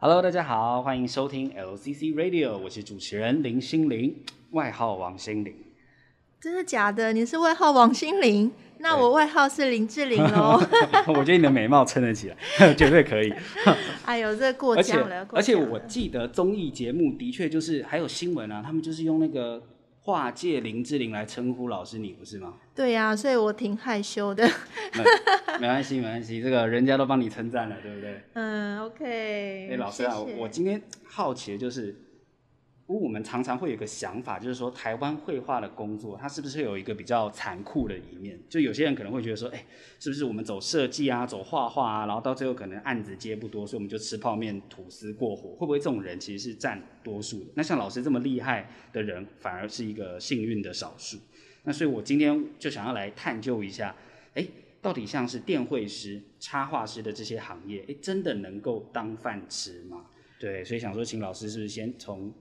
Hello，大家好，歡迎收聽 LCC Radio，我是主持人林昕臨，外號王心凌。真的假的？你是外號王心凌？那我外號是林志玲哦！ 我覺得你的美貌撐得起來， 絕對可以。 哎呦，這個、過獎了，過獎了。而且我記得綜藝節目的確就是還有新聞啊，他們就是用那個。畫界林志玲來稱呼老師你，你不是嗎？對呀、啊，所以我挺害羞的。 沒關係，沒關係，這個人家都幫你稱讚了，對不對？嗯，OK、欸。哎，老師啊謝謝我，我今天好奇的就是。不過我們常常會有個想法，就是說台灣繪畫的工作，它是不是有一個比較殘酷的一面？就有些人可能會覺得說，誒，是不是我們走設計啊，走畫畫啊，然後到最後可能案子接不多，所以我們就吃泡麵、吐司過活，會不會這種人其實是佔多數的？那像老師這麼厲害的人，反而是一個幸運的少數。那所以我今天就想要來探究一下，哎，到底像是電繪師、插畫師的這些行業，誒，真的能夠當飯吃嗎？對，所以想說，請老師是不是先從。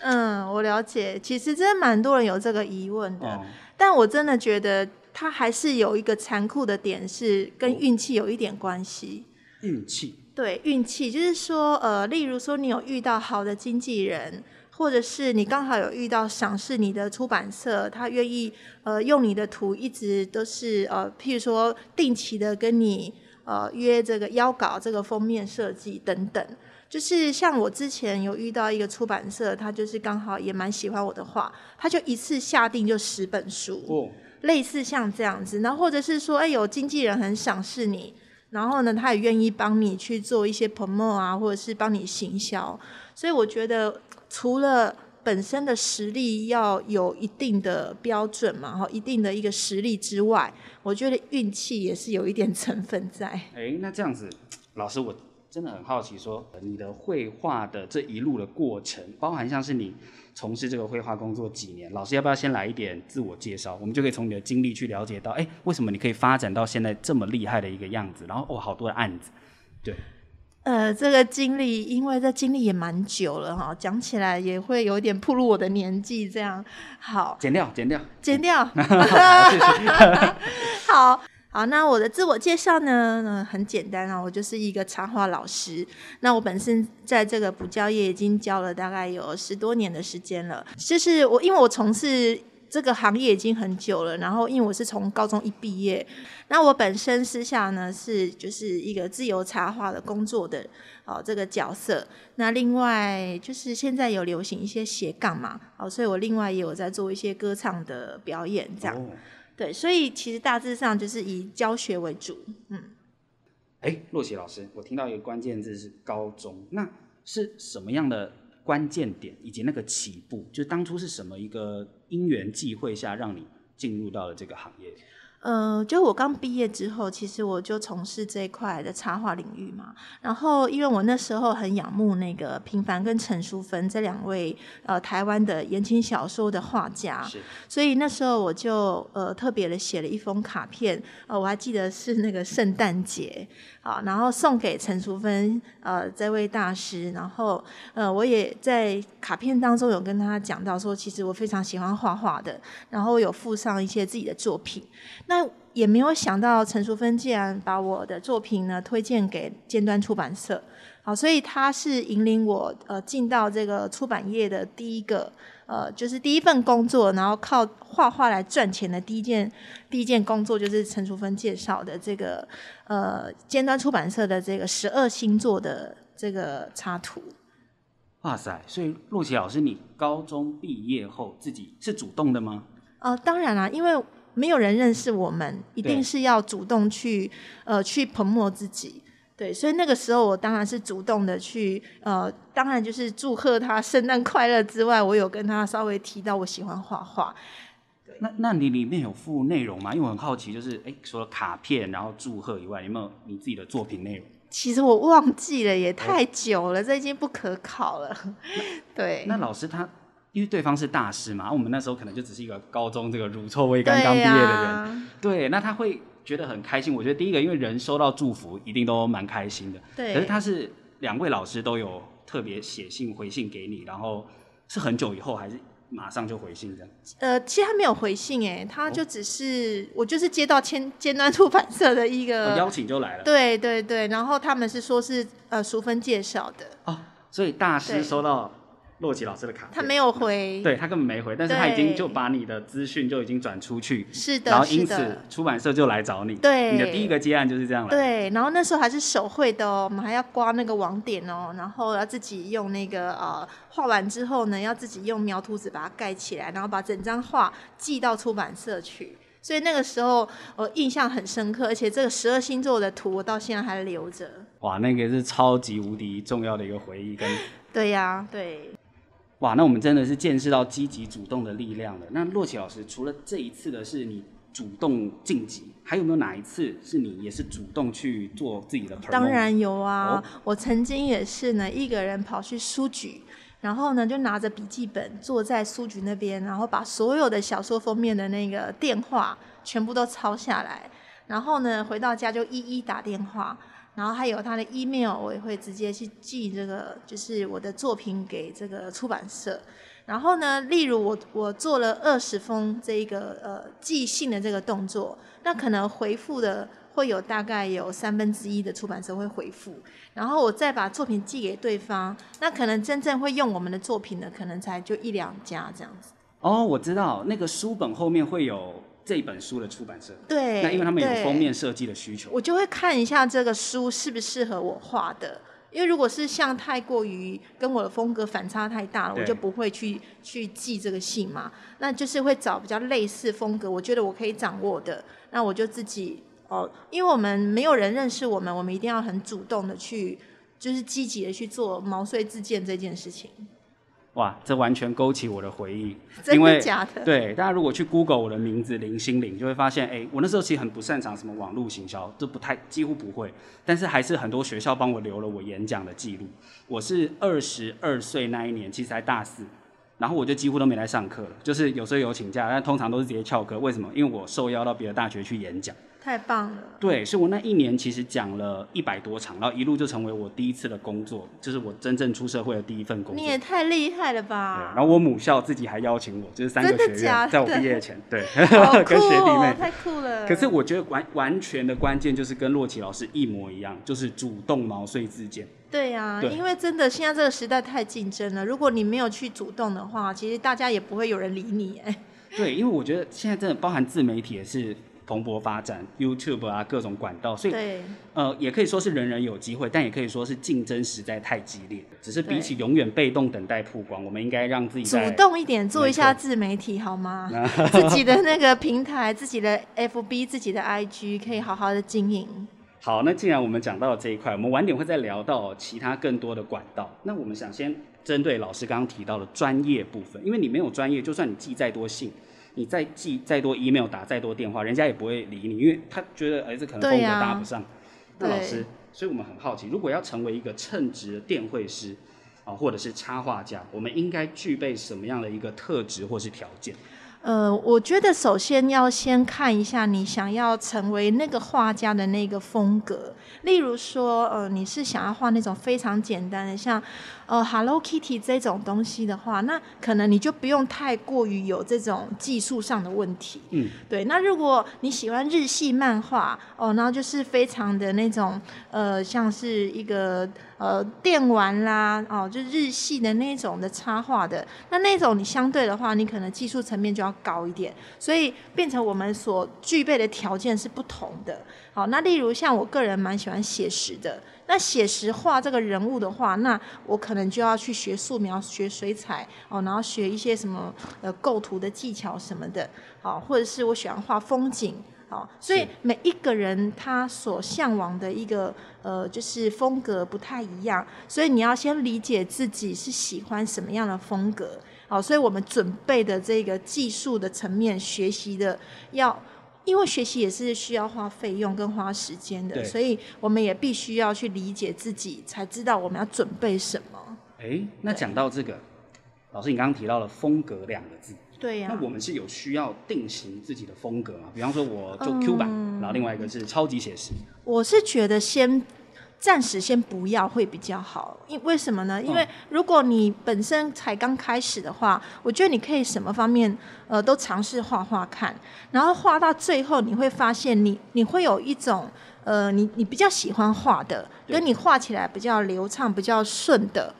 嗯，我了解，其實真的蠻多人有這個疑問的，哦、但我真的覺得他還是有一個殘酷的點，是跟運氣有一點關係。哦、運氣？對，運氣就是說，呃，例如說你有遇到好的經紀人，或者是你剛好有遇到賞識你的出版社，他願意呃用你的圖，一直都是呃，譬如說定期的跟你呃約這個邀稿、這個封面設計等等。就是像我之前有遇到一個出版社，他就是剛好也蠻喜歡我的畫，他就一次下定就十本書，oh. 類似像這樣子。那或者是說，哎，有經紀人很賞識你，然後呢，他也願意幫你去做一些 promote 啊，或者是幫你行銷。所以我覺得，除了本身的實力要有一定的標準嘛，哈，一定的一個實力之外，我覺得運氣也是有一點成分在。哎，那這樣子，老師我。真的很好奇，說你的繪畫的這一路的過程，包含像是你從事這個繪畫工作幾年？老師要不要先來一點自我介紹？我們就可以從你的經歷去了解到，誒，為什麼你可以發展到現在這麼厲害的一個樣子？然後哦，好多的案子，對。呃，這個經歷，因為這經歷也蠻久了哈，講起來也會有點曝露我的年紀這樣。好，剪掉，剪掉，剪掉。 好。謝謝 好好，那我的自我介紹呢？嗯、呃，很簡單啊，我就是一個插畫老師。那我本身在這個補教業已經教了大概有十多年的時間了。就是我，因為我從事這個行業已經很久了。然後，因為我是從高中一畢業，那我本身私下呢是就是一個自由插畫的工作的哦這個角色。那另外就是現在有流行一些斜槓嘛，哦，所以我另外也有在做一些歌唱的表演這樣。Oh. 對，所以其實大致上就是以教學為主，嗯。哎，珞琪老師，我聽到一個關鍵字是高中，那是什麼樣的關鍵點，以及那個起步，就當初是什麼一個因緣際會下讓你進入到了這個行業？呃，就我剛畢業之後，其實我就從事這一塊的插畫領域嘛。然後，因為我那時候很仰慕那個平凡跟陳淑芬這兩位呃台灣的言情小說的畫家，所以那時候我就呃特別的寫了一封卡片，呃我還記得是那個聖誕節啊，然後送給陳淑芬呃這位大師。然後呃我也在卡片當中有跟他講到說，其實我非常喜歡畫畫的，然後我有附上一些自己的作品。那也沒有想到陳淑芬竟然把我的作品呢推薦給尖端出版社，好，所以他是引領我呃進到這個出版業的第一個呃，就是第一份工作，然後靠畫畫來賺錢的第一件第一件工作，就是陳淑芬介紹的這個呃尖端出版社的這個十二星座的這個插圖。哇塞！所以珞琪老師，你高中畢業後自己是主動的嗎？呃，當然啦、啊，因為。沒有人認識我們，一定是要主動去，呃，去 promote 自己。對，所以那個時候我當然是主動的去，呃，當然就是祝賀他聖誕快樂之外，我有跟他稍微提到我喜歡畫畫。那，那你裡面有附內容嗎？因為我很好奇，就是，哎，除了卡片然後祝賀以外，有沒有你自己的作品內容？其實我忘記了，也太久了，這已經不可考了。 對，那老師他。因為對方是大師嘛，我們那時候可能就只是一個高中這個乳臭未乾剛，剛畢業的人對、啊，對，那他會覺得很開心。我覺得第一個，因為人收到祝福一定都蠻開心的，對。可是他是兩位老師都有特別寫信回信給你，然後是很久以後還是馬上就回信這樣？呃，其實他沒有回信誒、欸，他就只是、哦、我就是接到尖尖端出版社的一個、哦、邀請就來了，對對對，然後他們是說是呃淑芬介紹的，哦，所以大師收到珞棋老師的卡，他沒有回，對，對他根本沒回，但是他已經就把你的資訊就已經轉出去，是的，然後因此出版社就來找你，對，你的第一個接案就是這樣了，對，然後那時候還是手繪的哦、喔，我們還要刮那個網點哦、喔，然後要自己用那個呃畫完之後呢，要自己用描圖紙把它蓋起來，然後把整張畫寄到出版社去，所以那個時候我印象很深刻，而且這個十二星座的圖我到現在還留着，哇，那個是超級無敵重要的一個回憶，跟， 對呀、啊，對。哇，那我們真的是見識到積極主動的力量了。那珞棋老師，除了這一次的是你主動晉級，還有沒有哪一次是你也是主動去做自己的？當然有啊，oh. 我曾經也是呢，一個人跑去書局，然後呢就拿着筆記本坐在書局那邊，然後把所有的小說封面的那個電話全部都抄下來，然後呢回到家就一一打電話。然後還有他的 email，我也會直接去寄這個，就是我的作品給這個出版社。然後呢，例如我我做了二十封這一個呃寄信的這個動作，那可能回復的會有大概有三分之一的出版社會回復。然後我再把作品寄給對方，那可能真正會用我們的作品的，可能才就一兩家這樣子。哦，我知道那個書本後面會有。這本書的出版社對，那因為他們有封面設計的需求，我就會看一下這個書是不是適合我畫的，因為如果是像太過於跟我的風格反差太大了，我就不會去去寄這個信嘛，那就是會找比較類似風格，我覺得我可以掌握的，那我就自己哦，因為我們沒有人認識我們，我們一定要很主動的去，就是積極的去做毛遂自薦這件事情。哇，這完全勾起我的回憶，因為，真的假的？對，大家如果去 Google 我的名字林昕臨，就會發現，哎，我那時候其實很不擅長什麼網絡行銷，這不太，幾乎不會。但是還是很多學校幫我留了我演講的記錄。我是二十二歲那一年，其實還大四，然後我就幾乎都沒來上課了，就是有時候有請假，但通常都是直接翹課。為什麼？因為我受邀到別的大學去演講。太棒了！對，所以，我那一年其實講了一百多場，然後一路就成為我第一次的工作，就是我真正出社會的第一份工作。你也太厲害了吧！對，然後我母校自己還邀請我，就是三個學院，的的在我畢業前，對，哦、 跟學弟妹。太酷了。可是我覺得完完全的關鍵就是跟珞琪老師一模一樣，就是主動毛遂自薦。對呀、啊，因為真的現在這個時代太競爭了，如果你沒有去主動的話，其實大家也不會有人理你。哎，對，因為我覺得現在真的包含自媒體也是。蓬勃發展，YouTube 啊，各種管道，所以，對，呃，也可以說是人人有機會，但也可以說是競爭實在太激烈。只是比起永遠被動等待曝光，我們應該讓自己主動一點，做一下自媒體好嗎？ 自己的那個平台，自己的 FB，自己的 IG，可以好好的經營。好，那既然我們講到了這一塊，我們晚點會再聊到其他更多的管道。那我們想先針對老師剛剛提到的專業部分，因為你沒有專業，就算你寄再多信，你再寄再多 email，打再多電話，人家也不會理你，因為他覺得兒子可能風格搭不上。那、啊、老師對，所以我們很好奇，如果要成為一個稱職的電繪師，啊、呃，或者是插畫家，我們應該具備什麼樣的一個特質或是條件？呃，我覺得首先要先看一下你想要成為那個畫家的那個風格，例如說，呃，你是想要畫那種非常簡單的，像。呃，Hello Kitty 這種東西的話，那可能你就不用太過於有這種技術上的問題。嗯，對。那如果你喜歡日系漫畫，哦，然後就是非常的那種，呃，像是一個呃電玩啦，哦，就日系的那種的插畫的，那那種你相對的話，你可能技術層面就要高一點。所以變成我們所具備的條件是不同的。好，那例如像我個人蠻喜歡寫實的。那寫實畫這個人物的話，那我可能就要去學素描、學水彩哦，然後學一些什麼呃構圖的技巧什麼的，好、哦，或者是我喜歡畫風景，好、哦，所以每一個人他所嚮往的一個呃就是風格不太一樣，所以你要先理解自己是喜歡什麼樣的風格，好、哦，所以我們準備的這個技術的層面學習的要。因為學習也是需要花費用跟花時間的，所以我們也必須要去理解自己，才知道我們要準備什麼。哎、欸，那講到這個，老師，你剛剛提到了風格兩個字，對呀、啊，那我們是有需要定型自己的風格嘛？比方說，我做 Q 版、嗯，然後另外一個是超級寫實。我是覺得先。暫時先不要會比較好，因為什麼呢？因為如果你本身才剛開始的話、啊，我覺得你可以什麼方面，呃，都嘗試畫畫看，然後畫到最後，你會發現你你會有一種，呃，你你比較喜歡畫的，跟你畫起來比較流暢、比較順的，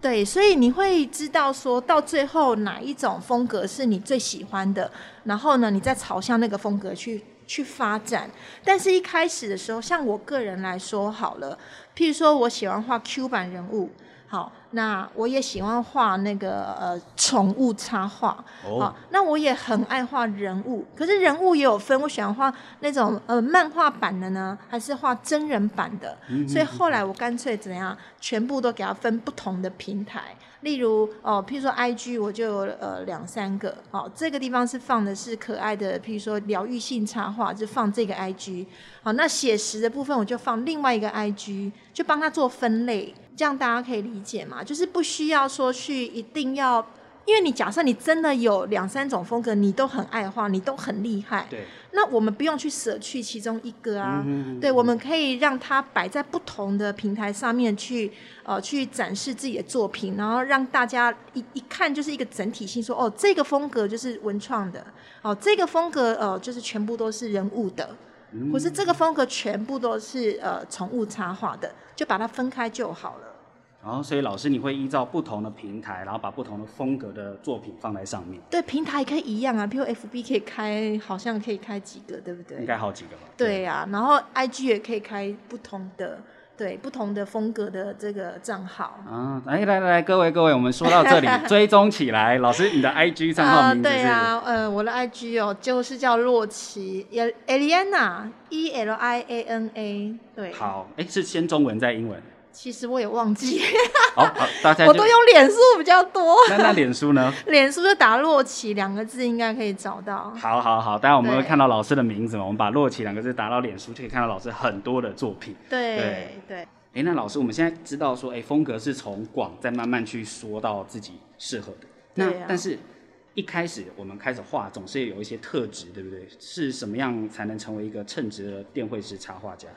對，所以你會知道說到最後哪一種風格是你最喜歡的，然後呢，你再朝向那個風格去。去發展，但是一開始的時候，像我個人來說，好了，譬如說我喜歡畫 Q 版人物，好，那我也喜歡畫那個呃寵物插畫，好，oh. 那我也很愛畫人物，可是人物也有分，我喜歡畫那種呃漫畫版的呢，還是畫真人版的，mm -hmm. 所以後來我乾脆怎樣，全部都給它分不同的平台。例如哦，譬如說 I G 我就有呃兩三個，哦，這個地方是放的是可愛的，譬如說療癒性插畫，就放這個 I G，好，哦，那寫實的部分我就放另外一個 I G，就幫他做分類，這樣大家可以理解嘛，就是不需要說去一定要，因為你假設你真的有兩三種風格，你都很愛畫，你都很厲害，對。那我們不用去捨去其中一個啊， 對，我們可以讓它擺在不同的平台上面去，呃，去展示自己的作品，然後讓大家一一看就是一個整體性說，說哦，這個風格就是文創的，哦，這個風格呃就是全部都是人物的， 或是這個風格全部都是呃寵物插畫的，就把它分開就好了。然後，所以老師，你會依照不同的平台，然後把不同的風格的作品放在上面。對，平台可以一樣啊，譬如 FB 可以開，好像可以開幾個，對不對？應該好幾個吧。對呀、啊，然後 IG 也可以開不同的，對，不同的風格的這個賬號。啊，來來來，各位各位，我們說到這裡， 追蹤起來。老師，你的 IG 賬號名字是？啊對啊，呃，我的 IG 哦，就是叫珞琪，Eliana，E L I A N A。對。好誒，是先中文再英文。其實我也忘記 ，oh, oh, 我都用臉書比較多 那。那那臉書呢？臉書就打“珞棋”兩個字，應該可以找到。好，好，好，好，待會我們會看到老師的名字嘛？我們把“珞棋”兩個字打到臉書，就可以看到老師很多的作品。對對對、欸。哎，那老師，我們現在知道說，哎、欸，風格是從廣再慢慢去說到自己適合的。那、啊、但是一開始我們開始畫，總是有一些特質，對不對？是什麼樣才能成為一個稱職的電繪師插畫家？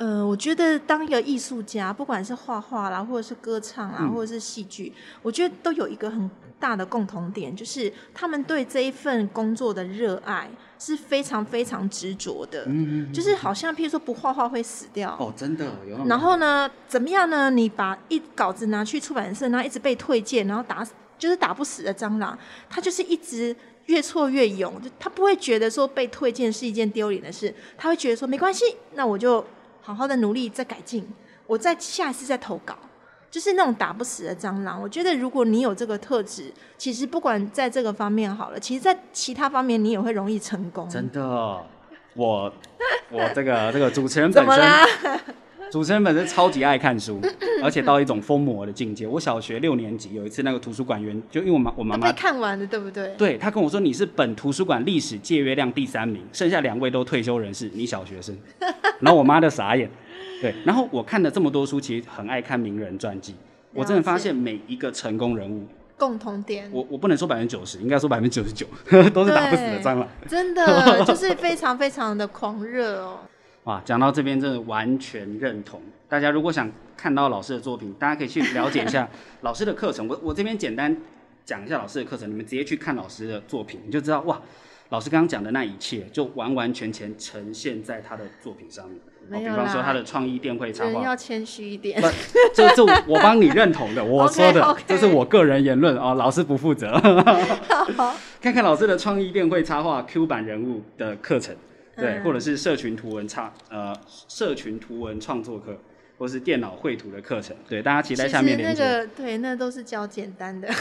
呃，我覺得當一個藝術家，不管是畫畫啦，或者是歌唱啦、嗯，或者是戲劇，我覺得都有一個很大的共同點，就是他們對這一份工作的熱愛是非常非常執着的。嗯嗯，嗯，嗯。就是好像譬如說，不畫畫會死掉。哦，真的。然後呢，怎麼樣呢？你把一稿子拿去出版社，然後一直被退件，然後打就是打不死的蟑螂，他就是一直越挫越勇，就他不會覺得說被退件是一件丟臉的事，他會覺得說沒關係，那我就。好好的努力再改進，我再下一次再投稿，就是那種打不死的蟑螂。我覺得如果你有這個特質，其實不管在這個方面好了，其實在其他方面你也會容易成功。真的，我我這個 這個主持人本身。怎麼了？主持人本身超級愛看書， 而且到一種瘋魔的境界。我小學六年級有一次，那個圖書館員就因為我媽，我媽媽看完的對不對？對，她跟我說你是本圖書館歷史借閱量第三名，剩下兩位都退休人士，你小學生。然後我媽就傻眼。 對，然後我看了這麼多書，其實很愛看名人傳記。我真的發現每一個成功人物共同點，我我不能說百分之九十，應該說百分之九十九都是打不死的蟑螂。 真的就是非常非常的狂熱哦。 哇，講到這邊真的完全認同。大家如果想看到老師的作品，大家可以去了解一下老師的課程。 我我這邊簡單講一下老師的課程，你們直接去看老師的作品，你就知道哇，老師剛剛講的那一切就完完全全呈現在他的作品上面。沒有啦。哦、比方說他的創意電繪插畫。要謙虛一點。 不是就是我幫你認同的， 我說的，okay, okay. 這是我個人言論啊、哦，老師不負責 好好。看看老師的創意電繪插畫 Q 版人物的課程。 對，或者是社群圖文差，呃，社群圖文創作課，或者是電腦繪圖的課程。對，大家其實在下面那個對，那都是教簡單的。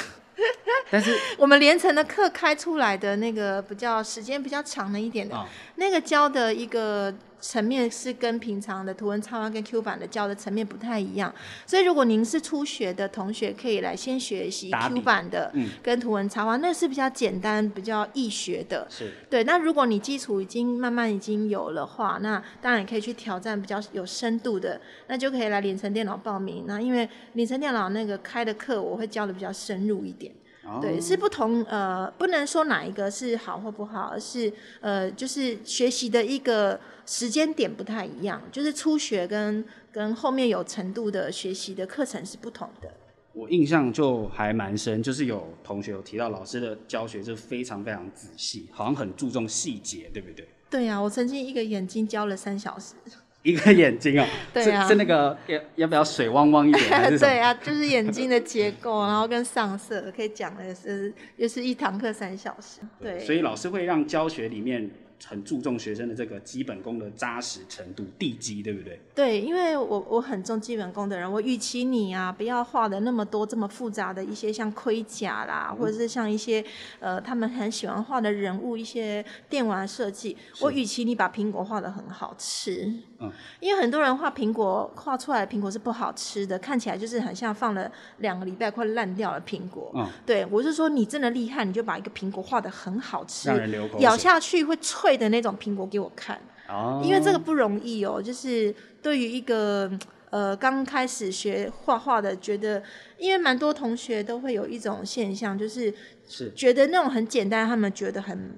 但是我們聯成的課開出來的那個比較時間比較長的一點的、嗯，那個教的一個。層面是跟平常的圖文插畫跟 Q 版的教的層面不太一樣，所以如果您是初學的同學，可以來先學習 Q 版的，跟圖文插畫，那是比較簡單、比較易學的。是，對。那如果你基礎已經慢慢已經有了話，那當然也可以去挑戰比較有深度的，那就可以來聯成電腦報名。那因為聯成電腦那個開的課，我會教的比較深入一點。對，是不同，呃，不能說哪一個是好或不好，而是呃，就是學習的一個時間點不太一樣，就是初學跟跟後面有程度的學習的課程是不同的。我印象就還蠻深，就是有同學有提到老師的教學是非常非常仔細，好像很注重細節，對不對？對呀、啊，我曾經一個眼睛教了三小時。一個眼睛哦、喔 啊，是是那個要要不要水汪汪一點？ 對啊，就是眼睛的結構， 然後跟上色可以講的是，又，就是一堂課三小時。對，所以老師會讓教學裡面很注重學生的這個基本功的扎實程度、地基，對不對？對，因為我我很重基本功的人，我預期你啊，不要畫的那麼多這麼複雜的一些像盔甲啦，或者是像一些呃他們很喜歡畫的人物一些電玩設計。我預期你把蘋果畫的很好吃。嗯，因為很多人畫蘋果畫出來的蘋果是不好吃的，看起來就是很像放了兩個禮拜快爛掉了蘋果。嗯，對，我是說你真的厲害，你就把一個蘋果畫得很好吃，讓人流口水，咬下去會脆的那種蘋果給我看。哦，因為這個不容易哦、喔，就是對於一個呃剛開始學畫畫的，覺得因為蠻多同學都會有一種現象，就是是覺得那種很簡單，他們覺得很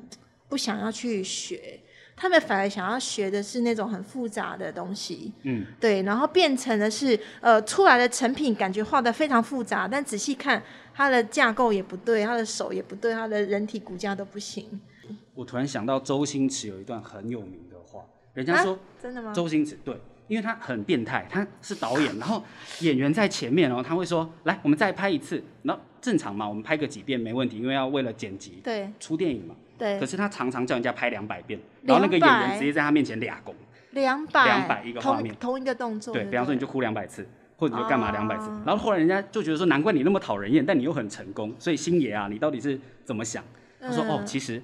不想要去學。他們反而想要學的是那種很複雜的東西，嗯，對，然後變成的是呃出來的成品感覺畫的非常複雜，但仔細看它的架構也不對，他的手也不對，他的人體骨架都不行。我突然想到周星馳有一段很有名的話，人家說、啊、真的嗎？周星馳對，因為他很變態，他是導演，然後演員在前面、喔，然後他會說，來，我們再拍一次，然後正常嘛，我們拍個幾遍沒問題，因為要為了剪輯，對，出電影嘛。可是他常常叫人家拍兩百遍，200, 然後那個演員直接在他面前倆拱，兩百，兩百一個畫面同，同一個動作。對，對不對？比方說你就哭兩百次，或者你就幹嘛兩百次。Oh. 然後後來人家就覺得說，難怪你那麼討人厭，但你又很成功。所以星爺啊，你到底是怎麼想？嗯，他說哦，其實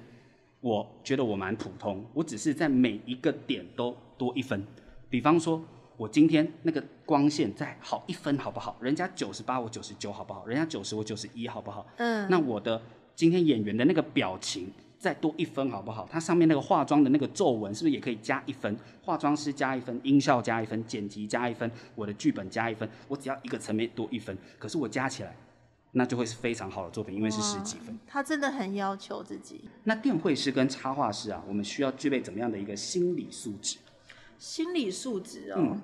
我覺得我蠻普通，我只是在每一個點都多一分。比方說我今天那個光線再好一分好不好？人家九十八，我九十九好不好？人家九十，我九十一好不好？嗯，那我的今天演員的那個表情。再多一分好不好？它上面那個化妝的那個皺紋是不是也可以加一分？化妝師加一分，音效加一分，剪輯加一分，我的劇本加一分，我只要一個層面多一分，可是我加起來，那就會是非常好的作品，因為是十幾分。他真的很要求自己。那電繪師跟插畫師啊，我們需要具備怎麼樣的一個心理素質？心理素質啊、哦嗯。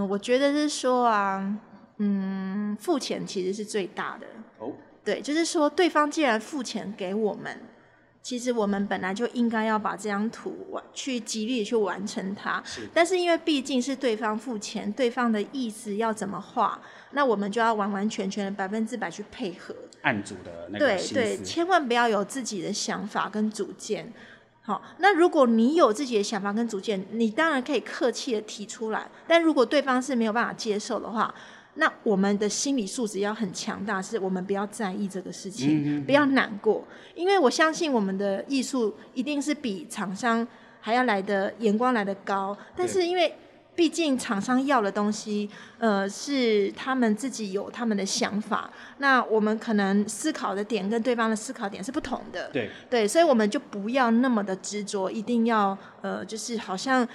嗯，我覺得是說啊，嗯，付錢其實是最大的哦，Oh. 對，就是說對方既然付錢給我們。其實我們本來就應該要把這張圖完，去極力去完成它。但是因為畢竟是對方付錢，對方的意思要怎麼畫，那我們就要完完全全的百分之百去配合案主的那個心思，對對，千萬不要有自己的想法跟主見。好，那如果你有自己的想法跟主見，你當然可以客氣的提出來。但如果對方是沒有辦法接受的話，那我們的心理素質要很強大，是我們不要在意這個事情，嗯嗯嗯，不要難過，因為我相信我們的藝術一定是比廠商還要來的眼光來的高。但是因為畢竟廠商要的東西，呃，是他們自己有他們的想法，那我們可能思考的點跟對方的思考點是不同的。對對，所以我們就不要那麼的執着，一定要呃，就是好像。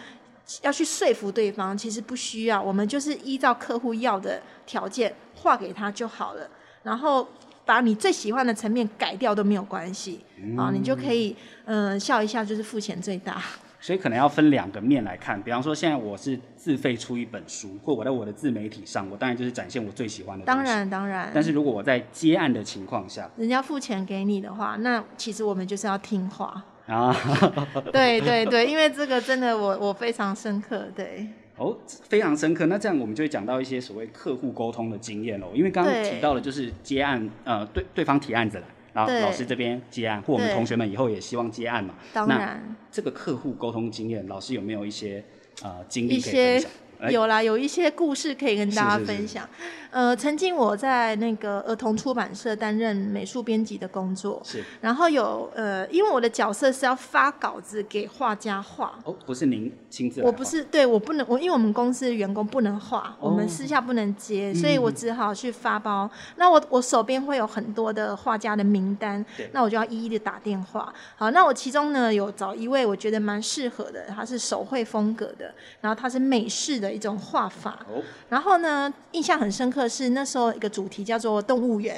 要去說服對方，其實不需要，我們就是依照客戶要的條件畫給他就好了，然後把你最喜歡的層面改掉都沒有關係，嗯，啊，你就可以嗯、呃、笑一下，就是付錢最大。所以可能要分兩個面來看，比方說現在我是自費出一本書，或我在我的自媒體上，我當然就是展現我最喜歡的。當然，當然。但是如果我在接案的情況下，人家付錢給你的話，那其實我們就是要聽話。啊， 對對對，因為這個真的我，我我非常深刻。對，哦，非常深刻。那這樣我們就會講到一些所謂客戶溝通的經驗囉，因為剛剛提到了就是接案，呃，對對方提案子來，然後老師這邊接案，或我們同學們以後也希望接案嘛。當然，這個客戶溝通經驗，老師有沒有一些、呃、經歷？一些，有啦、欸，有一些故事可以跟大家分享。是是是呃，曾經我在那個兒童出版社擔任美術編輯的工作，是。然後有呃，因為我的角色是要發稿子給畫家畫。哦，不是您親自。我不是，對，我不能，我因為我們公司的員工不能畫，哦，我們私下不能接，嗯，所以我只好去發包。那我我手邊會有很多的畫家的名單，那我就要一一的打電話。好，那我其中呢有找一位我覺得蠻適合的，他是手繪風格的，然後他是美式的一種畫法。哦。然後呢，印象很深刻。可是那時候一個主題叫做動物園，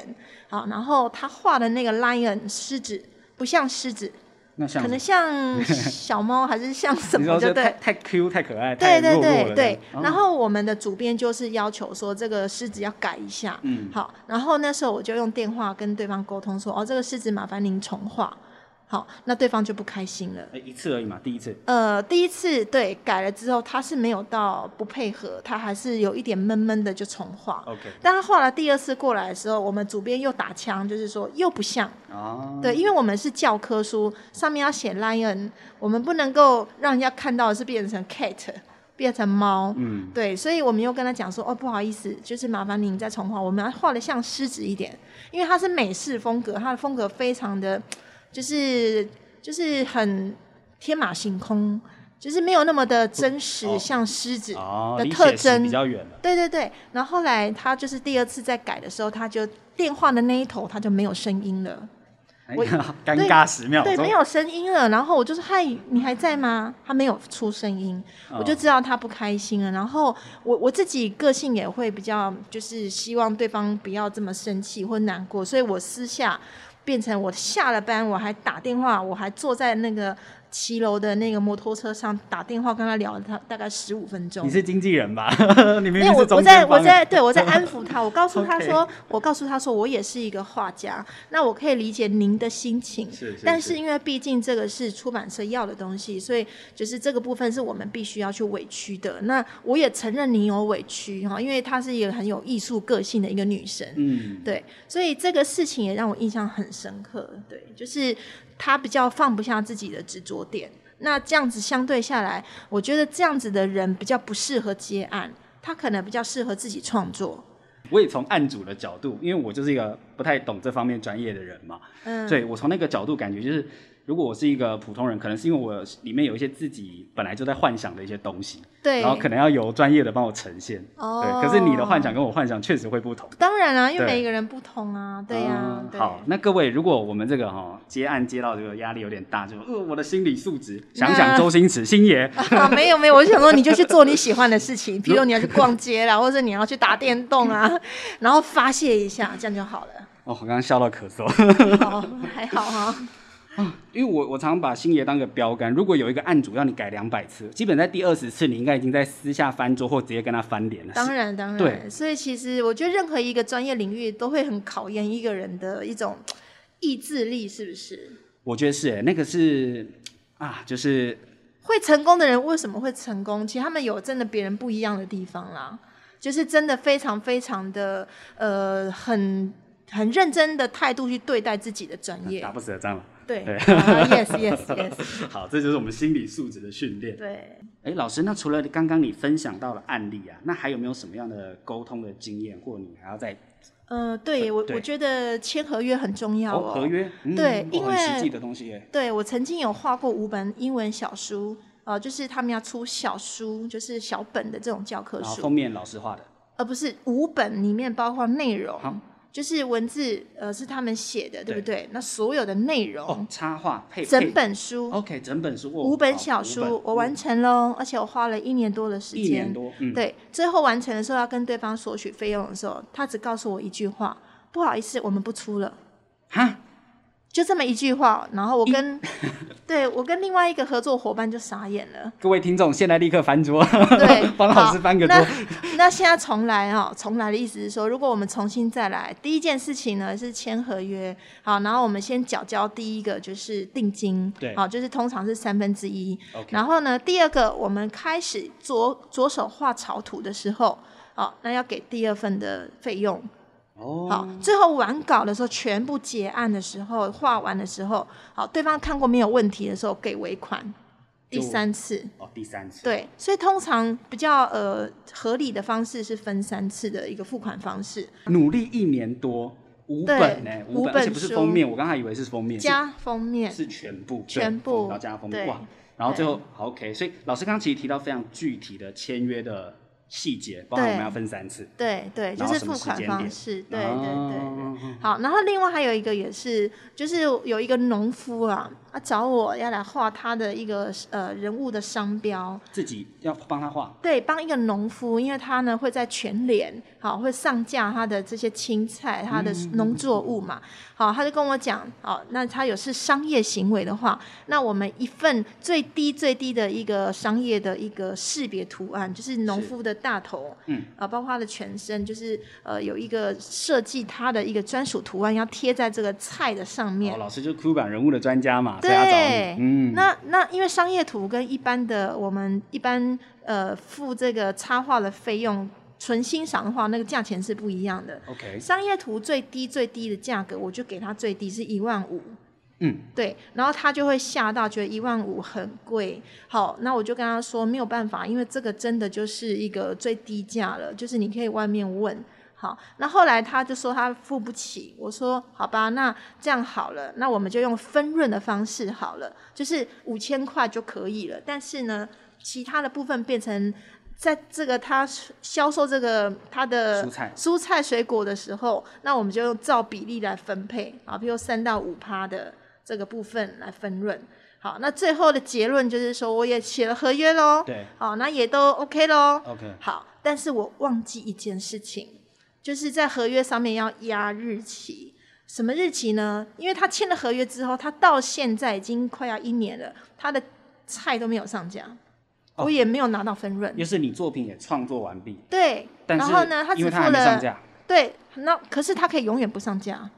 好，然後他畫的那個 lion 獅子不像獅子，那像可能像小貓 還是像什麼就對，太，太 Q 太可愛，太落伍了，對對對，然後我們的主編就是要求說這個獅子要改一下，嗯、哦。好，然後那時候我就用電話跟對方溝通說、嗯、哦，這個獅子麻煩您重畫。好，那對方就不開心了。哎、欸，一次而已嘛，第一次。呃，第一次，對，改了之後，他是沒有到不配合，他還是有一點悶悶的就重畫。OK，但他後來第二次過來的時候，我們主編又打槍，就是說又不像。哦、oh.，對，因為我們是教科書上面要寫 lion，我們不能夠讓人家看到的是變成 cat，變成貓。嗯，對，所以我們又跟他講說，哦，不好意思，就是麻煩您再重畫，我們畫得像獅子一點，因為它是美式風格，它的風格非常的。就是就是很天馬行空，就是沒有那麼的真實，像獅子的特徵。哦哦、比較遠。對對對。然後後來他就是第二次再改的時候，他就電話的那一頭，他就沒有聲音了。哎、呀，我尷尬十秒鐘。對，對，沒有聲音了。然後我就說嗨，你還在嗎？他沒有出聲音、哦，我就知道他不開心了。然後我我自己個性也會比較，就是希望對方不要這麼生氣或難過，所以我私下。變成我下了班，我還打電話，我還坐在那個，騎樓的那個摩托車上打電話跟他聊了他大概十五分鐘。你是經紀人吧？ 因為我我在，我在，對我在安撫他， 我告訴他說， Okay. 我告訴他說，我也是一個畫家，那我可以理解您的心情。是是是是，但是因為畢竟這個是出版社要的東西，所以就是這個部分是我們必須要去委屈的。那我也承認您有委屈哈，因為她是一個很有藝術個性的一個女生。嗯，對，所以這個事情也讓我印象很深刻。對，就是。他比較放不下自己的執着點，那這樣子相對下來，我覺得這樣子的人比較不適合接案，他可能比較適合自己創作。我也從案主的角度，因為我就是一個不太懂這方面專業的人嘛，嗯，所以我從那個角度感覺就是。如果我是一個普通人，可能是因為我裡面有一些自己本來就在幻想的一些東西，對，然後可能要由專業的幫我呈現、哦，對。可是你的幻想跟我幻想確實會不同。當然啦、啊，因為每一個人不同啊，對呀、啊嗯。好，那各位，如果我們這個哈、哦、接案接到這個壓力有點大，就、哦、我的心理素質，啊、想想周星馳星爺。啊、沒有沒有，我就想說，你就去做你喜歡的事情， 比如說你要去逛街啦， 或者你要去打電動啊， 然後發泄一下，這樣就好了。哦，我剛剛笑到咳嗽、 哦。還好哈、啊。嗯、因為我我常把星爺當個標杆。如果有一個案主要你改兩百次，基本在第二十次，你應該已經在私下翻桌或直接跟他翻臉了。當然，當然，對，所以其實我覺得任何一個專業領域都會很考驗一個人的一種意志力，是不是？我覺得是、欸、那個是啊，就是會成功的人為什麼會成功？其實他們有真的別人不一樣的地方啦，就是真的非常非常的呃很很認真的態度去對待自己的專業，打不死的蟑螂。對、 uh，Yes Yes Yes。好，這就是我們心理素質的訓練。對，哎、欸，老師，那除了剛剛你分享到的案例啊，那還有沒有什麼樣的溝通的經驗，或你還要再？呃，對、嗯、我對，我覺得簽合約很重要、喔哦、合約，對，嗯因為哦、很奇妙的東西。對，我曾經有畫過五本英文小書，呃，就是他們要出小書，就是小本的這種教科書，後封面老師畫的。呃，不是，五本裡面包括內容。就是文字，呃，是他們寫的，對不對？對那所有的內容，哦、插畫配整本書，OK，整本書、哦、五本小書我完成嘍、嗯，而且我花了一年多的時間，嗯、對，最後完成的時候要跟對方索取費用的時候，他只告訴我一句話，不好意思，我們不出了。哈。就這麼一句話，然後我跟，對我跟另外一個合作夥伴就傻眼了。各位聽眾，現在立刻翻桌，對，幫老師翻個桌。那，那現在重來啊、喔，重來的意思是說，如果我們重新再來，第一件事情呢是簽合約，好，然後我們先繳交第一個就是定金，對，好，就是通常是三分之一。然後呢，第二個我們開始著手畫草圖的時候，好，那要給第二份的費用。哦、oh.，好，最後完稿的時候，全部結案的時候，畫完的時候，好，對方看過沒有問題的時候，給尾款，第三次，哦，第三次，對，所以通常比較呃合理的方式是分三次的一個付款方式。努力一年多，五本呢、欸，五本，而且不是封面，我剛才以為是封面，加封面是，是全部，全部，然後加封面，加封面，哇，然後最後 OK，所以老師剛剛其實提到非常具體的簽約的。細節，包括我們要分三次，對對對，就是付款方式，對對對，哦，對，好。然後另外還有一個也是，就是有一個農夫啊。他、啊、找我要來畫他的一個呃人物的商標，自己要幫他畫。對，幫一個農夫，因為他呢會在全聯，好會上架他的這些青菜，他的農作物嘛。好，他就跟我講，好，那他有是商業行為的話，那我們一份最低最低的一個商業的一個識別圖案，就是農夫的大頭，嗯，啊，包括他的全身，就是呃有一個設計他的一個專屬圖案，要貼在這個菜的上面。好老師就是 Q 版人物的專家嘛。對，嗯，那那因為商業圖跟一般的我們一般呃付這個插畫的費用，純欣賞的話，那個價錢是不一樣的。OK，商業圖最低最低的價格，我就給他最低是一萬五。嗯，對，然後他就會嚇到，覺得一萬五很貴。好，那我就跟他說沒有辦法，因為這個真的就是一個最低價了，就是你可以外面問。好，那後來他就說他付不起，我說好吧，那這樣好了，那我們就用分潤的方式好了，就是五千塊就可以了。但是呢，其他的部分變成在這個他銷售這個他的蔬菜蔬菜水果的時候，那我們就用照比例來分配啊，比如三到五趴的這個部分來分潤。好，那最後的結論就是說我也簽了合約嘍，對，好，那也都 OK 嘍，OK，好，但是我忘記一件事情。就是在合約上面要壓日期，什麼日期呢？因為他簽了合約之後，他到現在已經快要一年了，他的菜都沒有上架，我也沒有拿到分潤。就、哦、是你作品也創作完畢，對。但是，然後呢，他只付了，對。那可是他可以永遠不上架，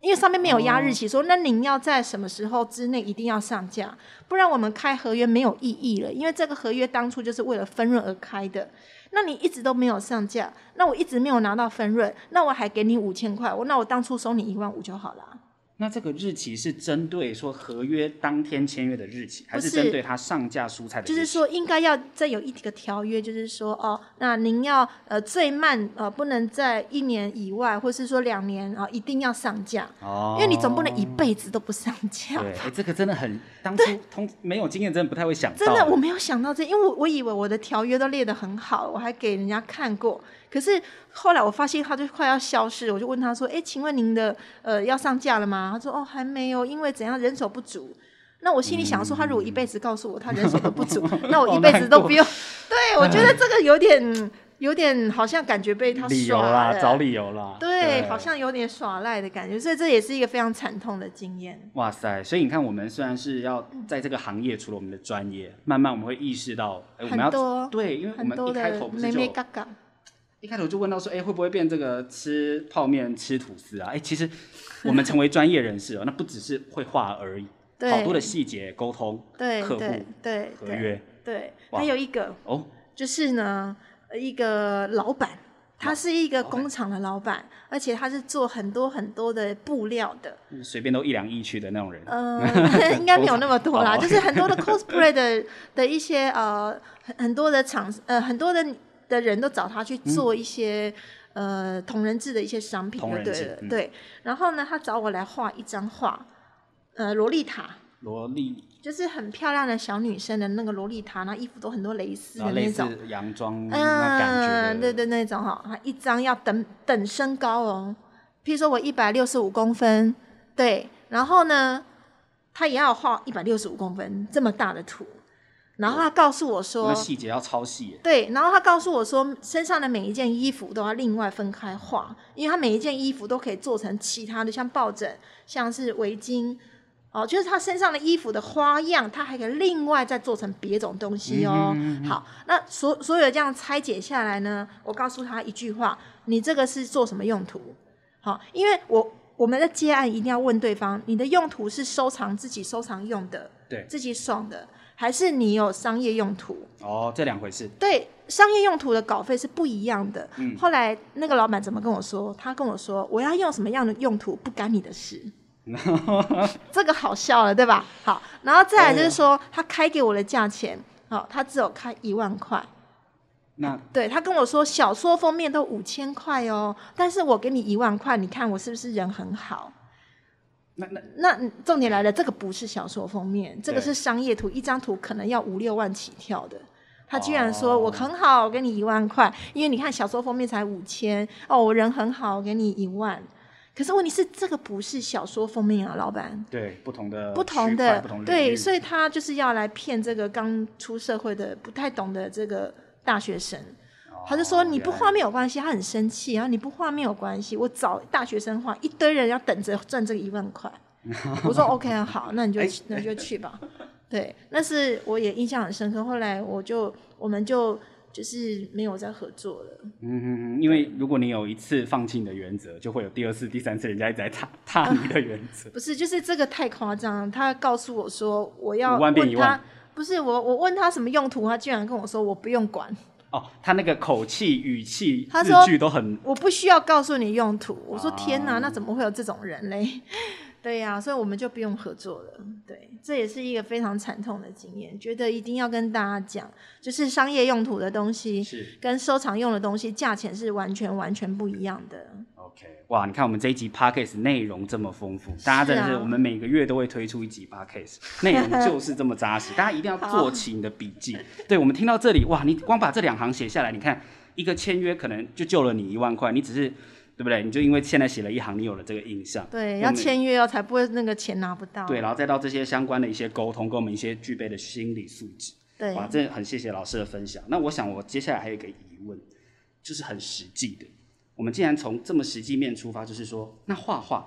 因為上面沒有壓日期，哦、說那您要在什麼時候之內一定要上架，不然我們開合約沒有意義了，因為這個合約當初就是為了分潤而開的。那你一直都沒有上架，那我一直沒有拿到分潤，那我還給你五千塊，我那我當初收你一萬五就好啦。那這個日期是針對說合約當天簽約的日期，是還是針對他上架蔬菜的日期？就是說，應該要再有一個條約，就是說，哦，那您要呃最慢呃不能在一年以外，或是說兩年啊、哦，一定要上架。哦，因為你總不能一輩子都不上架。對，這個真的很當初通沒有經驗，真的不太會想到。真的，我沒有想到這，因為我我以為我的條約都列得很好，我還給人家看過。可是後來我發現他就快要消失，我就問他說：“哎、欸，請問您的呃要上架了嗎？”他說：“哦，還沒有，因為怎樣人手不足。”那我心裡想說，他如果一輩子告訴我他人手都不足，那我一輩子、嗯、一輩子都不用。 對，我覺得這個有點有點好像感覺被他耍了，理由啦找理由了。對，好像有點耍賴的感覺，所以這也是一個非常慘痛的經驗。哇塞！所以你看，我們雖然是要在這個行業，除了我們的專業，慢慢我們會意識到，欸、我們要、很多對，因為我們一開頭不是就一開頭就問到說，哎、欸，會不會變這個吃泡麵、吃吐司啊？哎、欸，其實我們成為專業人士哦、喔， 那不只是會畫而已對，好多的細節溝通，對客對對對，合約，對，對 wow, 還有一個哦、oh,，就是呢，一個老板，他是一個工廠的老板、okay.，而且他是做很多很多的布料的，隨、嗯、便都一兩億去的那種人，嗯、呃， 應該沒有那麼多啦， okay. 就是很多的 c o s p l a y 的的一些呃，很很多的廠，呃，很多的。呃的人都找他去做一些、嗯、呃，同人志的一些商品對，對、嗯、對。然後呢，他找我來畫一張畫，呃，蘿莉塔。蘿莉就是很漂亮的小女生的那個蘿莉塔，那衣服都很多蕾絲的那種洋裝，嗯、呃，對對，對，那種哈、喔。一張要等等身高哦、喔，譬如說我一百六十五公分，對。然後呢，他也要畫一百六十五公分這麼大的圖。然後他告訴我說，細節要超細。對，然後他告訴我說，身上的每一件衣服都要另外分開畫，因為他每一件衣服都可以做成其他的，像抱枕，像是圍巾，哦，就是他身上的衣服的花樣，他還可以另外再做成別種東西哦。嗯哼嗯哼。好，那所所有這樣拆解下來呢，我告訴他一句話：你這個是做什麼用途？好，哦，因為我我們的接案一定要問對方，你的用途是收藏，自己收藏用的，對，自己爽的。還是你有商業用途哦，oh, 這兩回事。對，商業用途的稿費是不一樣的。嗯，後來那個老板怎麼跟我說？他跟我說，我要用什麼樣的用途不干你的事。No. 這個好笑了，對吧？好，然後再來就是說，oh. 他開給我的價錢，好，哦，他只有開一萬塊。那對他跟我說，小說封面都五千塊哦，但是我給你一萬塊，你看我是不是人很好？那，那，那重點來了，這個不是小說封面，這個是商業圖，一張圖可能要五六萬起跳的。他居然說：“哦、我很好，我給你一萬塊。”因為你看小說封面才五千哦，我人很好，我給你一萬。可是問題是，這個不是小說封面啊，老闆。對，不同的不同的不同，對，所以他就是要來騙這個剛出社會的不太懂的這個大學生。他就說，你不畫沒有關係，他很生氣、啊。然後你不畫沒有關係，我找大學生畫，一堆人要等着賺這個一萬塊。我說 OK，、啊、好，那你就去、欸、那就去吧。欸、對，那是，我也印象很深刻。後來我就我們就就是沒有再合作了。嗯，因為如果你有一次放棄你的原則，就會有第二次、第三次，人家一直在踏踏你的原則、嗯。不是，就是這個太誇張。他告訴我說，我要問他，不是我我問他什麼用途，他居然跟我說我不用管。哦，他那個口氣、語氣、字句都很……我不需要告訴你用途。Oh. 我說天哪，那怎麼會有這種人嘞？對呀，啊，所以我們就不用合作了。對，這也是一個非常慘痛的經驗，覺得一定要跟大家講，就是商業用途的東西是跟收藏用的東西價錢是完全完全不一樣的。OK，哇，你看我們這一集 Podcast 內容這麼豐富，大家真的是，是、啊、我們每個月都會推出一集 Podcast 內容就是這麼扎實， 大家一定要做起你的筆記。對，我們聽到這裡哇，你光把這兩行寫下來，你看一個簽約可能就救了你一萬塊，你只是。對不對？你就因為現在寫了一行，你有了這個印象。對，要簽約哦，才不會那個錢拿不到。對，然後再到這些相關的一些溝通，跟我們一些具備的心理素質。對，哇，這很謝謝老師的分享。那我想，我接下來還有一個疑問，就是很實際的。我們既然從這麼實際面出發，就是說，那畫畫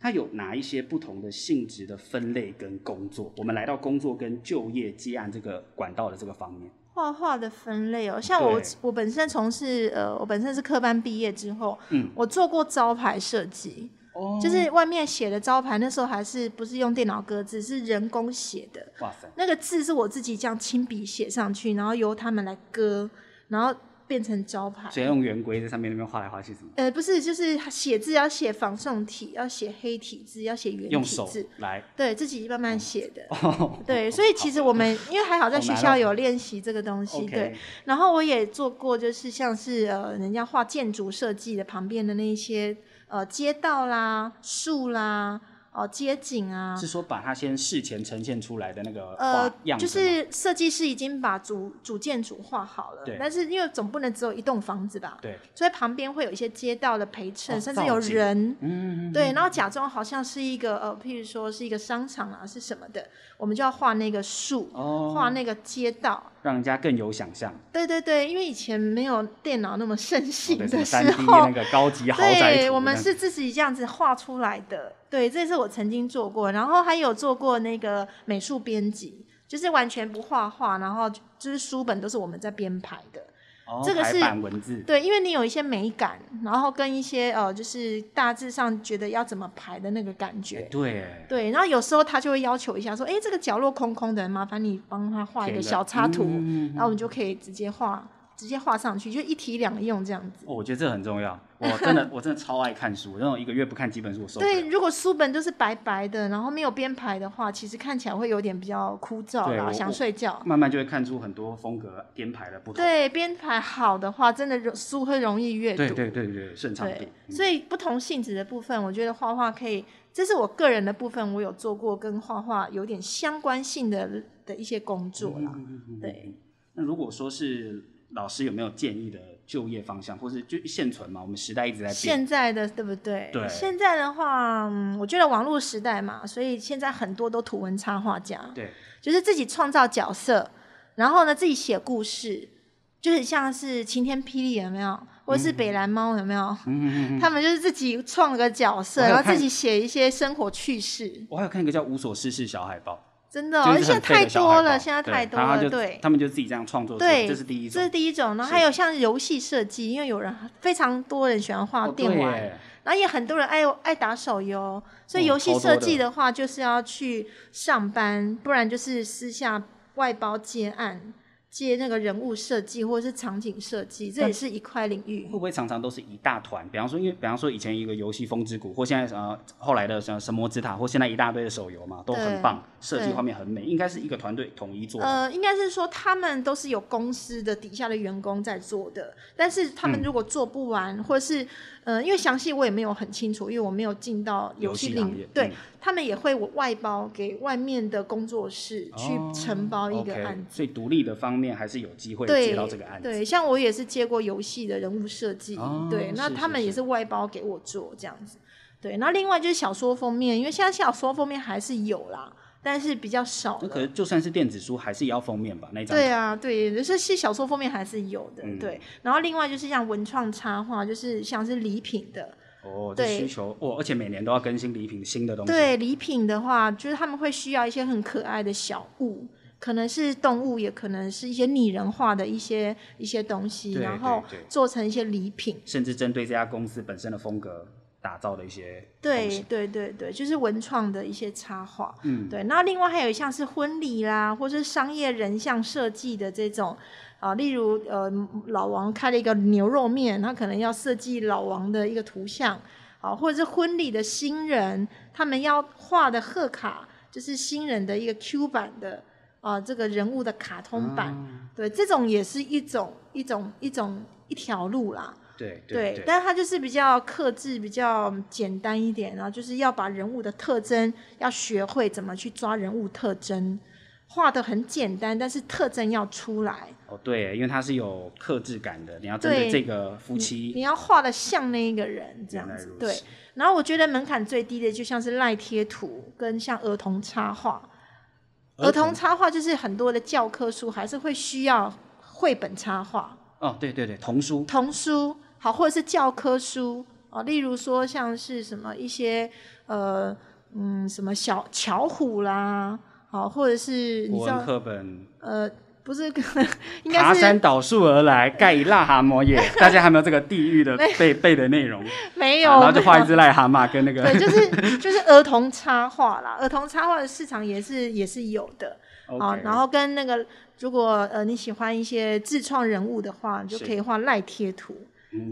它有哪一些不同的性質的分類跟工作？我們來到工作跟就業接案這個管道的這個方面。畫畫的分類哦，像我，我本身從事呃，我本身是科班畢業之後，嗯，我做過招牌設計，哦、oh.，就是外面寫的招牌，那時候還是不是用電腦割字，是人工寫的，哇塞，那個字是我自己這樣親筆寫上去，然後由他們來割，然後。變成招牌，所以用圓規在上面那邊畫來畫去，什麼？呃，不是，就是寫字要寫仿宋體，要寫黑體字，要寫圓體字，用手來，對自己慢慢寫的、嗯，對。所以其實我們、嗯、因為還好在學校有練習這個東西、哦嗯對哦嗯，對。然後我也做過，就是像是呃人家畫建築設計的旁邊的那些呃街道啦、樹啦。哦，街景啊，是說把它先事前呈現出來的那個畫樣子嗎？呃，就是設計師已經把主主建築畫好了，對，但是因為總不能只有一棟房子吧？對，所以旁邊會有一些街道的陪襯、哦，甚至有人，嗯，嗯，對嗯，然後假裝好像是一個呃，譬如說是一個商場啊，是什麼的，我們就要畫那個樹，哦、畫那個街道。讓人家更有想象。對對對，因為以前沒有電腦那麼盛行的時候，哦、那個高級豪宅圖對，對，我們是自己這樣子畫出來的。對，這是我曾經做過，然後還有做過那個美術編輯，就是完全不畫畫，然後就是書本都是我們在編排的。哦、這個是文字，對，因為你有一些美感，然後跟一些呃，就是大致上覺得要怎麼排的那個感覺，欸、對對，然後有時候他就會要求一下，說，哎、欸，這個角落空空的，麻煩你幫他畫一個小插圖，嗯嗯嗯嗯，然後我們就可以直接畫。直接畫上去就一體兩用這樣子，哦，我覺得這很重要。我真的我真的超愛看書， 我那種一個月不看幾本書我受不了。對，如果書本都是白白的，然後沒有編排的話，其實看起來會有點比較枯燥然啦，然後想睡覺。慢慢就會看出很多風格編排的不同。對，編排好的話，真的書會容易閱讀。對對對，順暢度。對，所以不同性質的部分，我覺得畫畫可以，這是我個人的部分，我有做過跟畫畫有點相關性的的一些工作啦嗯嗯嗯嗯嗯。對，那如果說是。老師有沒有建議的就業方向，或是就現存嘛？我們時代一直在變，現在的，對不對？對。現在的話，我覺得網絡時代嘛，所以現在很多都圖文插畫家。對。就是自己創造角色，然後呢自己寫故事，就很像是晴天霹靂有沒有？或者是北藍貓有沒有？嗯嗯。他們就是自己創了個角色，然後自己寫一些生活趣事。我還有看一個叫無所事事小海豹。真的，哦、就是，現在太多了，現在太多了。對，他，對他們就自己這樣創作，作，對，這是第一種。這是第一種是，然後還有像遊戲設計，因為有人非常多人喜歡畫電玩，哦，然後也很多人愛愛打手遊，所以遊戲設計的話，就是要去上班，哦，不然就是私下外包接案。接那個人物設計或者是場景設計，這也是一塊領域。會不會常常都是一大團？比方說，因為比方說以前一個遊戲《風之谷》，或現在啊後來的什麼《神魔之塔》，或現在一大堆的手遊嘛，都很棒，設計畫面很美，應該是一個團隊統一做的呃，應該是說他們都是有公司的底下的員工在做的，但是他們如果做不完，嗯、或者是呃因為詳細我也沒有很清楚，因為我沒有進到遊戲領域。對、嗯，他們也會外包給外面的工作室去承包一個案子，哦、okay, 所以獨立的方。面還是有機會接到這個案子，對，對像我也是接過遊戲的人物設計、哦，對，那他們也是外包給我做這樣子，是是是對。那另外就是小說封面，因為現在小說封面還是有啦，但是比較少。可是就算是電子書，還是要封面吧？那種對啊，對，就是是小說封面還是有的，嗯，對。然後另外就是像文創插畫，就是像是禮品的哦，對需求哦，而且每年都要更新禮品新的東西。對，禮品的話，就是他們會需要一些很可愛的小物。可能是動物，也可能是一些擬人化的一些一些東西，然後做成一些禮品，甚至針對這家公司本身的風格打造的一些。對對對對，就是文創的一些插畫。嗯，對。那另外還有一項是婚禮啦，或者是商業人像設計的這種啊，例如呃老王開了一個牛肉麵，他可能要設計老王的一個圖像啊，或者是婚禮的新人他們要畫的賀卡，就是新人的一個 Q 版的。啊、呃，這個人物的卡通版、嗯，對，這種也是一種一種一種一條路啦。對對對。但它就是比較客製，比較簡單一點，然後就是要把人物的特徵，要學會怎麼去抓人物特徵，畫的很簡單，但是特徵要出來。哦，對，因為它是有客製感的，你要針對這個夫妻。你，你要畫的像那一個人這樣子。對。然後我覺得門檻最低的，就像是 Line 貼圖跟像兒童插畫。兒童，兒童插畫就是很多的教科書，還是會需要繪本插畫。哦，對對對，童書。童書，好，或者是教科書啊、哦，例如說像是什麼一些，呃，嗯，什麼小巧虎啦，好、哦，或者是你知道？國文課本。不 是，應該，爬山倒樹而來，蓋 以癩蛤蟆也。 大家還沒有這個地獄的背 背的內容？沒有。啊、然後就畫一只癩蛤蟆跟那個。 對，就是就是兒童插畫啦。兒童插畫的市場也是也是有的啊、okay。然後跟那個，如果呃你喜歡一些自創人物的話，你就可以畫賴貼圖。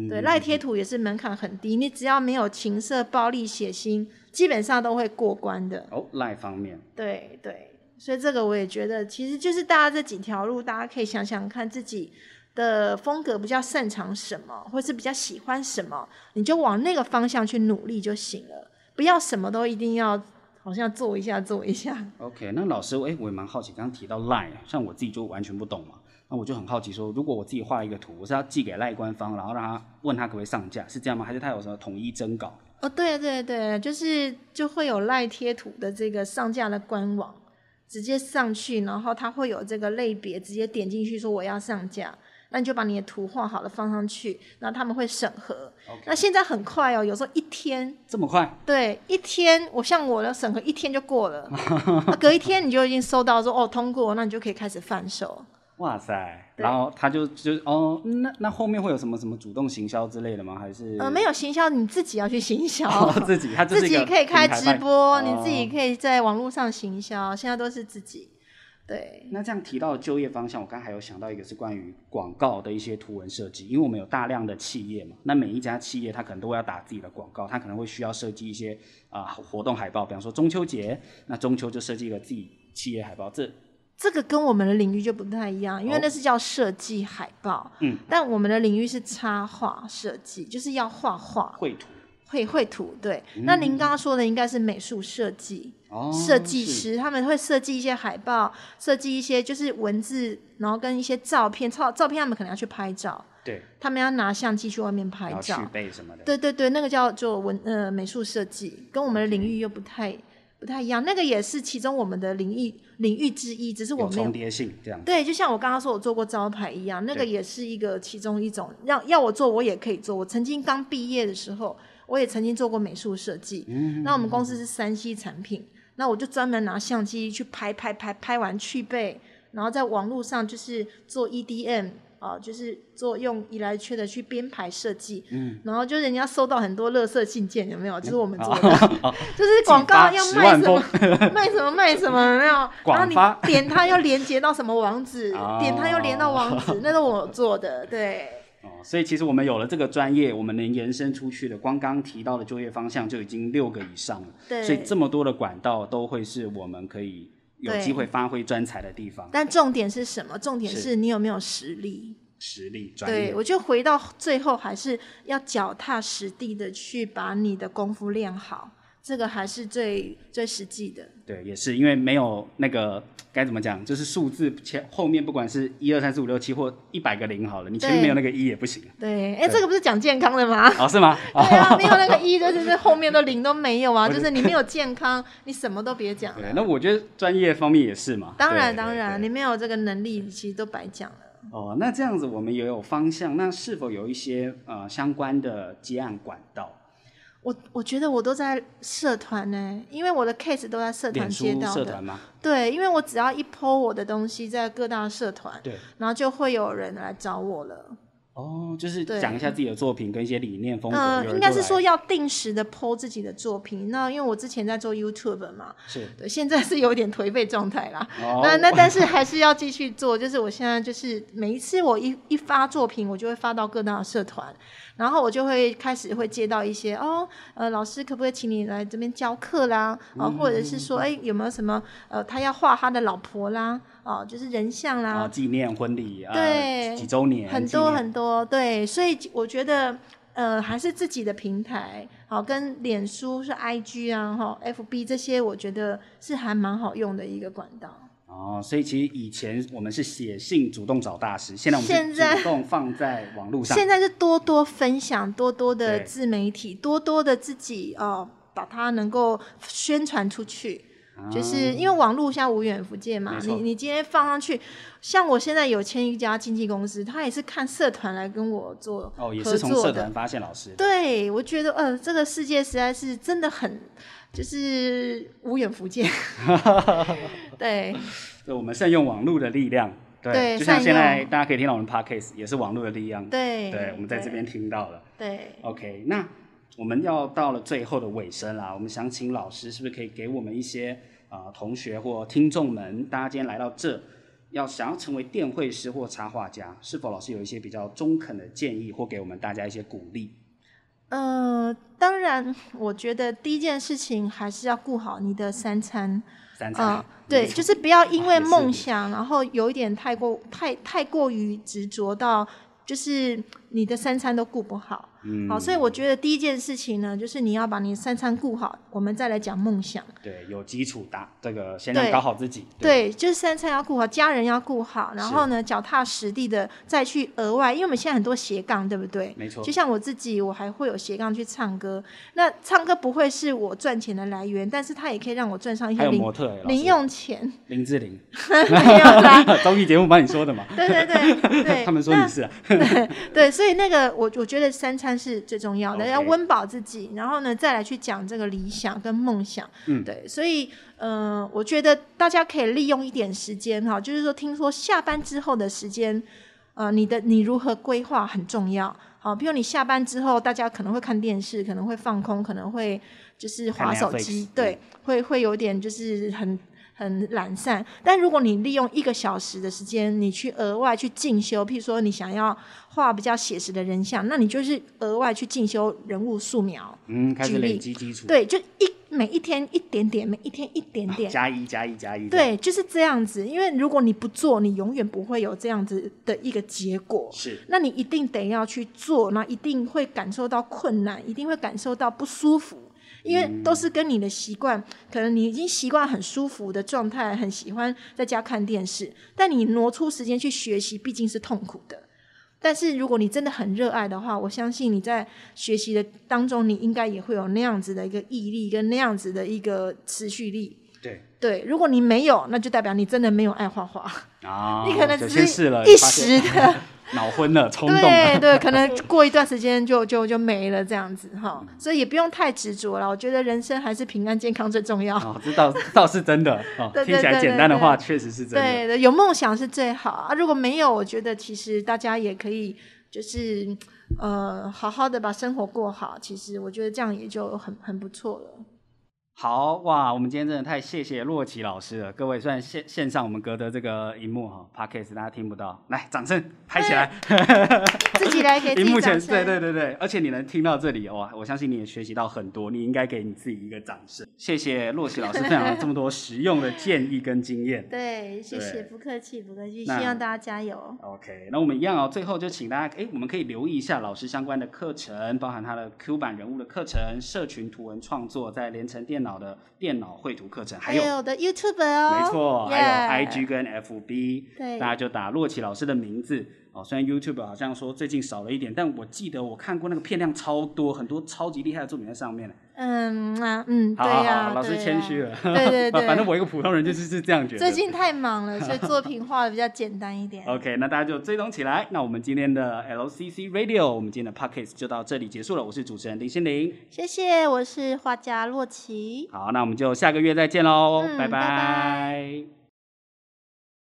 對，賴、嗯、貼圖也是門檻很低，你只要沒有情色、暴力、血腥，基本上都會過關的。哦，賴方面。對對。所以這個我也覺得，其實就是大家這幾條路，大家可以想想看自己的風格比較擅長什麼，或是比較喜歡什麼，你就往那個方向去努力就行了，不要什麼都一定要，好像做一下做一下。OK，那老師，哎、欸，我也蠻好奇，剛剛提到 Line，像我自己就完全不懂嘛，那我就很好奇說，說如果我自己畫一個圖，我是要寄給 Line 官方，然後讓他問他可不可以上架，是這樣嗎？還是他有什麼統一徵稿？哦，對對對，就是就會有 Line 貼圖的這個上架的官網。直接上去，然後它會有這個類別，直接點進去說我要上架，那你就把你的圖畫好了放上去，那他們會審核。Okay. 那現在很快哦，有時候一天這麼快？對，一天我像我的審核一天就過了， 隔一天你就已經收到說哦通過，那你就可以開始販售。哇塞！然後他就就哦，那那後面會有什麼什麼主動行銷之類的嗎？還是呃，沒有行銷，你自己要去行銷，哦、自己他自己可以開直播，哦、你自己可以在網絡上行銷。現在都是自己，對。那這樣提到的就業方向，我剛才有想到一個是關於廣告的一些圖文設計，因為我們有大量的企業嘛，那每一家企業他可能都會要打自己的廣告，他可能會需要設計一些啊、呃、活動海報，比方說中秋節，那中秋就設計一個自己企業海報這。這個跟我們的領域就不太一樣，因為那是叫設計海報、哦嗯。但我們的領域是插畫設計，就是要畫畫、繪圖、繪繪圖。對，嗯、那您剛剛說的應該是美術設計，設、哦、計師他們會設計一些海報，設計一些就是文字，然後跟一些照片、照照片，他們可能要去拍照。對，他們要拿相機去外面拍照、去背什麼的。對對對，那個叫做文呃美術設計，跟我們的領域又不太。Okay. 不太一樣，那個也是其中我們的領域領域之一，只是我們重疊性這樣。對，就像我剛剛說，我做過招牌一樣，那個也是一個其中一種，要要我做我也可以做。我曾經剛畢業的時候，我也曾經做過美術設計。嗯，嗯，嗯，嗯。那我們公司是三 C 產品，嗯嗯，那我就專門拿相機去拍拍拍拍，拍完去背，然後在網絡上就是做 EDM，哦，就是做用易來缺的去編排設計，嗯，然後就人家收到很多垃圾信件，有沒有？就是我們做的，嗯哦、 就是廣告要賣什麼， 賣什麼賣什麼，沒有。廣然後你點它要連接到什麼網址，哦、點它要連到網址，哦、那是我做的，對。哦，所以其實我們有了這個專業，我們能延伸出去的，光剛提到的就業方向就已經六個以上了。對，所以這麼多的管道都會是我們可以。有機會發揮專才的地方，但重點是什麼？重點是你有沒有實力？實力，對，我覺得回到最後，還是要腳踏實地的去把你的功夫練好。這個還是最最實際的。對，也是因為沒有那個該怎麼講，就是數字前後面不管是一二三四五六七或一百個零好了，你前面沒有那個一也不行。對，哎，這個不是講健康的嗎？哦，是嗎？ 對啊，沒有那個一，就是 後面都零都沒有啊，就是你沒有健康， 你什麼都別講啊。對，那我覺得專業方面也是嘛。當然當然對對對，你沒有這個能力，你其實都白講了。哦，那這樣子我們也有方向，那是否有一些呃相關的接案管道？我我覺得我都在社團呢，因為我的 case 都在社團接到的。社團嗎？對，因為我只要一 po 我的東西在各大社團，然後就會有人來找我了。哦、oh,，就是講一下自己的作品跟一些理念風格嗯、呃，應該是說要定時的 po 自己的作品。那因為我之前在做 YouTube 嘛，是對，現在是有點頹廢狀態啦。Oh, 那那但是還是要繼續做， 就是我現在就是每一次我一一發作品，我就會發到各大社團。然後我就會開始會接到一些哦，呃，老師可不可以請你來這邊教課啦？啊、哦嗯，或者是說，哎，有沒有什麼呃，他要畫他的老婆啦？哦，就是人像啦，呃、紀念婚禮啊、對、呃，幾週年，很多很多。對，所以我覺得呃，還是自己的平台好、哦，跟臉書是 IG 啊，哈、哦、FB 這些，我覺得是還蠻好用的一個管道。哦，所以其實以前我們是寫信主動找大師，現在我們是主動放在網絡上。現在，現在是多多分享，多多的自媒體，多多的自己哦、呃，把它能夠宣傳出去。啊、就是因為網絡像無遠弗屆嘛，你你今天放上去，像我現在有簽一家經紀公司，他也是看社團來跟我做合作哦，也是從社團發現老師。對，我覺得呃，這個世界實在是真的很。就是無遠弗屆，哈哈，對。 就我們善用網絡的力量對，對，就像現在大家可以聽到我們 podcast，也是網絡的力量對，對。對，我們在這邊聽到了對，對。OK，那我們要到了最後的尾聲啦，我們想請老師，是不是可以給我們一些啊、呃，同學或聽眾們，大家今天來到這，要想要成為電繪師或插畫家，是否老師有一些比較中肯的建議，或給我們大家一些鼓勵？呃，當然，我覺得第一件事情還是要顧好你的三餐。三餐，呃、三餐對，就是不要因為夢想，啊、然後有一點太過、太太過於執着到，就是。你的三餐都顧不好。嗯，好，所以我覺得第一件事情呢，就是你要把你的三餐顧好，我們再來講夢想。對，有基礎打這個，先搞好自己對對。對，就是三餐要顧好，家人要顧好，然後呢，腳踏實地的再去額外，因為我們現在很多斜槓，對不對？沒錯。就像我自己，我還會有斜槓去唱歌。那唱歌不會是我賺錢的來源，但是它也可以讓我賺上一些零模特、欸、零用錢。林志玲，沒有啦，綜藝節目幫你說的嘛？對 對對對，對 他們說你是、啊 ，對，所以。所以那個，我我覺得三餐是最重要的，okay. 要溫飽自己，然後呢再來去講這個理想跟夢想。嗯，對，所以嗯、呃，我覺得大家可以利用一點時間哈、哦，就是說，聽說下班之後的時間，呃，你的你如何規劃很重要。好、哦，譬如你下班之後，大家可能會看電視，可能會放空，可能會就是划手機、嗯，對，會會有點就是很很懶散。但如果你利用一個小時的時間，你去額外去進修，譬如說你想要。畫比較寫實的人像，那你就是額外去進修人物素描。嗯，開始累積基礎。對，就一每一天一點點，每一天一點點，啊、加一加一加一。對，就是這樣子。因為如果你不做，你永遠不會有這樣子的一個結果。是。那你一定得要去做，那一定會感受到困難，一定會感受到不舒服，因為都是跟你的習慣。可能你已經習慣很舒服的狀態，很喜歡在家看電視，但你挪出時間去學習，畢竟是痛苦的。但是如果你真的很熱愛的話，我相信你在學習的當中，你應該也會有那樣子的一個毅力跟那樣子的一個持續力。對對，如果你沒有，那就代表你真的沒有愛畫畫。啊、哦， 你可能只是一時的。 腦昏了，衝動了。對對，可能過一段時間就就就沒了，這樣子哈，齁 所以也不用太執着了。我覺得人生還是平安健康最重要。啊、哦，這倒倒是真的啊、 哦，聽起來簡單的話，確實是真的。對,對，有夢想是最好啊。如果沒有，我覺得其實大家也可以就是呃，好好的把生活過好。其實我覺得這樣也就很很不錯了。好哇，我們今天真的太謝謝珞琪老師了。各位雖然線線上我們隔的這個熒幕哈，Podcast 大家聽不到，來掌聲拍起來。 自己來給屏幕前對對對對，而且你能聽到這裡哇，我相信你也學習到很多，你應該給你自己一個掌聲。謝謝珞琪老師分享了這麼多實用的建議跟經驗。對，謝謝，不客氣，不客氣。希望大家加油。OK，那我們一樣哦，最後就請大家哎、欸，我們可以留意一下老師相關的課程，包含他的 Q 版人物的課程、社群圖文創作，在聯成電腦。電腦的電腦繪圖課程，還有，還有的 YouTuber 哦，沒錯、yeah，還有 IG 跟 FB，對，大家就打珞琪老師的名字。好，雖然 YouTube 好像說最近少了一點，但我記得我看過那個片量超多，很多超級厲害的作品在上面嗯啊，嗯，對呀、啊，老師謙虛了，對、啊、對對、啊。 反正我一個普通人就是是這樣覺得。最近太忙了，所以作品畫的比較簡單一點。 OK，那大家就追蹤起來。那我們今天的 LCC Radio，我們今天的 Podcast 就到這裡結束了。我是主持人林昕臨，謝謝。我是畫家珞琪。好，那我們就下個月再見嘍、嗯，拜拜。嗯，拜拜。